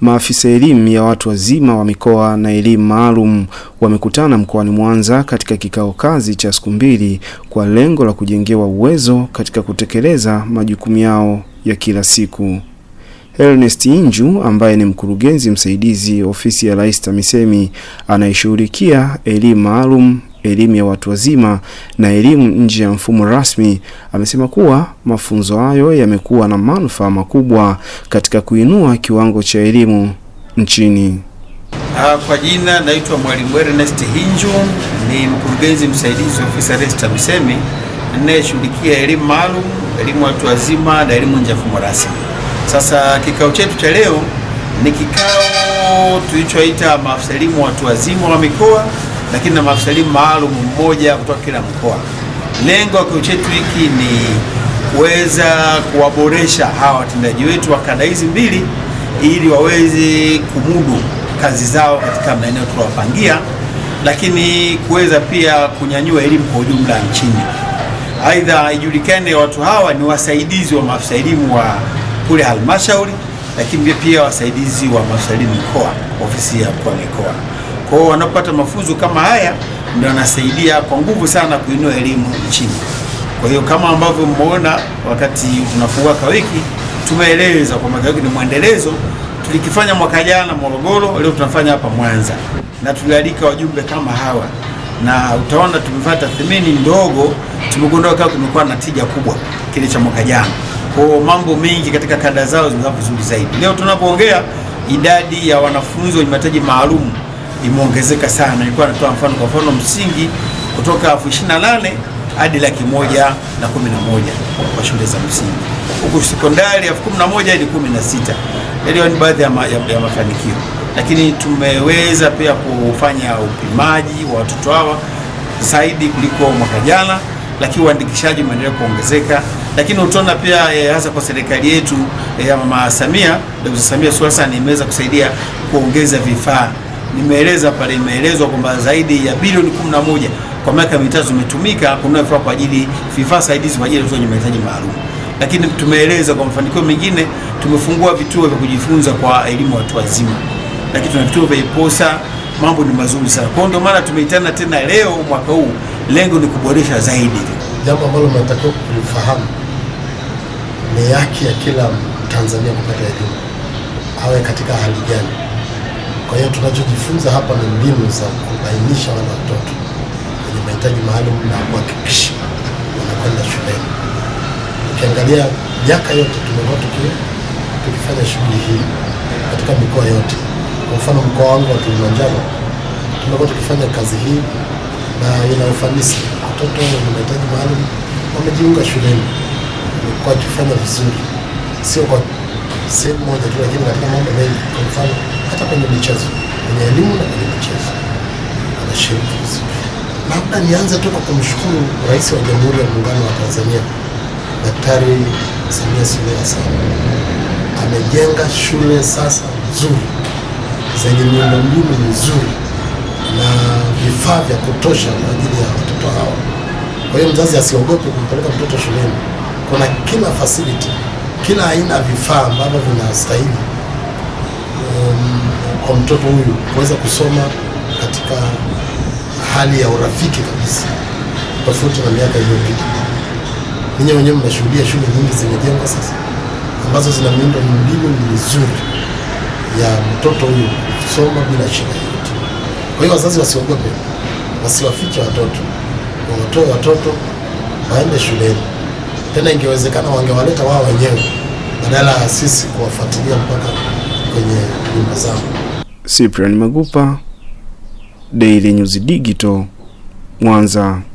Maafisa elimu ya watu wazima wa mikoa na elimu maalum wamekutana mkoani Mwanza katika kikao kazi cha siku mbili kwa lengo la kujengewa uwezo katika kutekeleza majukumu yao ya kila siku. Ernest Inju ambaye ni mkurugenzi msaidizi ofisi ya Rais TAMISEMI anayeshughulikia elimu maalum elimu ya watu wazima na elimu nje ya mfumo rasmi, amesema kuwa mafunzo hayo yamekuwa na manufaa makubwa katika kuinua kiwango cha elimu nchini. Ah, kwa jina naitwa Mwalimu Ernest Hinju, ni mkurugenzi msaidizi ofisi ya RESTA TAMISEMI ninayeshughulikia elimu maalum, elimu watu wazima na elimu nje ya mfumo rasmi. Sasa kikao chetu cha leo ni kikao tulichoita maafisa elimu watu wazima wa mikoa lakini na maafisa elimu maalum mmoja kutoka kila mkoa. Lengo ya kikao chetu hiki ni kuweza kuwaboresha hawa watendaji wetu wa kada hizi mbili ili waweze kumudu kazi zao katika maeneo tuliyowapangia, lakini kuweza pia kunyanyua elimu kwa ujumla nchini. Aidha, ijulikane watu hawa ni wasaidizi wa maafisa elimu wa kule halmashauri, lakini pia wasaidizi wa maafisa elimu mkoa, ofisi ya mkoa wa mikoa. Kwa hiyo wanapata mafunzo kama haya ndio wanasaidia kwa nguvu sana kuinua elimu nchini. Kwa hiyo kama ambavyo mmeona wakati tunafungua kawiki, tumeeleza kwamba kawiki ni mwendelezo tulikifanya mwaka jana Morogoro, leo tunafanya hapa Mwanza na tulialika wajumbe kama hawa, na utaona tumefanya tathmini ndogo, tumegundua kama kumekuwa na tija kubwa kile cha mwaka jana. Kwa hiyo mambo mengi katika kada zao zimekuwa vizuri zaidi. Leo tunapoongea idadi ya wanafunzi wenye mahitaji maalum imeongezeka sana. Ilikuwa natoa mfano, kwa mfano msingi kutoka elfu ishirini na nane hadi laki moja na kumi na moja kwa shule za msingi, huku sekondari elfu kumi na moja hadi kumi na sita Yaliyo ni baadhi ya, ma, ya, ya mafanikio, lakini tumeweza pia kufanya upimaji wa watoto hawa zaidi kuliko mwaka jana, lakini uandikishaji umeendelea kuongezeka, lakini utaona pia e, hasa kwa serikali yetu e, ya mama Samia, Dkt. Samia Suluhu Hassan imeweza kusaidia kuongeza vifaa nimeeleza pale, imeelezwa kwamba zaidi ya bilioni 11 kwa miaka mitatu zimetumika kununua vifaa kwa ajili vifaa saidizi kwa ajili ya wenye mahitaji maalum. Lakini tumeeleza kwa mafanikio mengine, tumefungua vituo vya kujifunza kwa elimu watu wazima, lakini tuna vituo vya Iposa. Mambo ni mazuri sana, kwa ndio maana tumeitana tena leo mwaka huu, lengo ni kuboresha zaidi. Jambo ambalo mnatakiwa kulifahamu ni haki ya kila Mtanzania kupata elimu, awe katika hali gani. Yaani tunachojifunza hapa ni mbinu za kubainisha wale watoto wenye mahitaji maalum na kuhakikisha wanakwenda shuleni. Ukiangalia miaka yote tumekuwa tukifanya shughuli hii katika mikoa yote. Kwa mfano mkoa wangu wa Kilimanjaro tumekuwa tukifanya kazi hii na ina ufanisi. Watoto wenye mahitaji maalum wamejiunga shuleni, wamekuwa wakifanya vizuri, sio kwa sehemu moja tu, lakini katika mambo mengi, kwa mfano hata kwenye michezo, kwenye elimu na kwenye michezo anashiriki vizuri. Labda nianze tu kwa kumshukuru Rais wa Jamhuri ya Muungano wa Tanzania Daktari Samia Suluhu Hassan, amejenga shule sasa nzuri zenye miundombinu mizuri na vifaa vya kutosha kwa ajili ya watoto hao. Kwa hiyo mzazi asiogope kumpeleka mtoto shuleni, kuna kila facility, kila aina ya vifaa ambavyo vinastahili kwa mtoto huyu kuweza kusoma katika hali ya urafiki kabisa, tofauti na miaka iliyopita. Ninyi wenyewe mnashuhudia shule nyingi zimejengwa sasa ambazo zina miundo miundombinu mizuri ya mtoto huyu kusoma bila shida yoyote. Kwa hiyo wazazi wasiogope, wasiwafiche watoto, wawatoe watoto waende shuleni. Tena ingewezekana wangewaleta wao wenyewe badala ya sisi kuwafuatilia mpaka kwenye nyumba zao. Cyprian Magupa, Daily News Digital, Mwanza.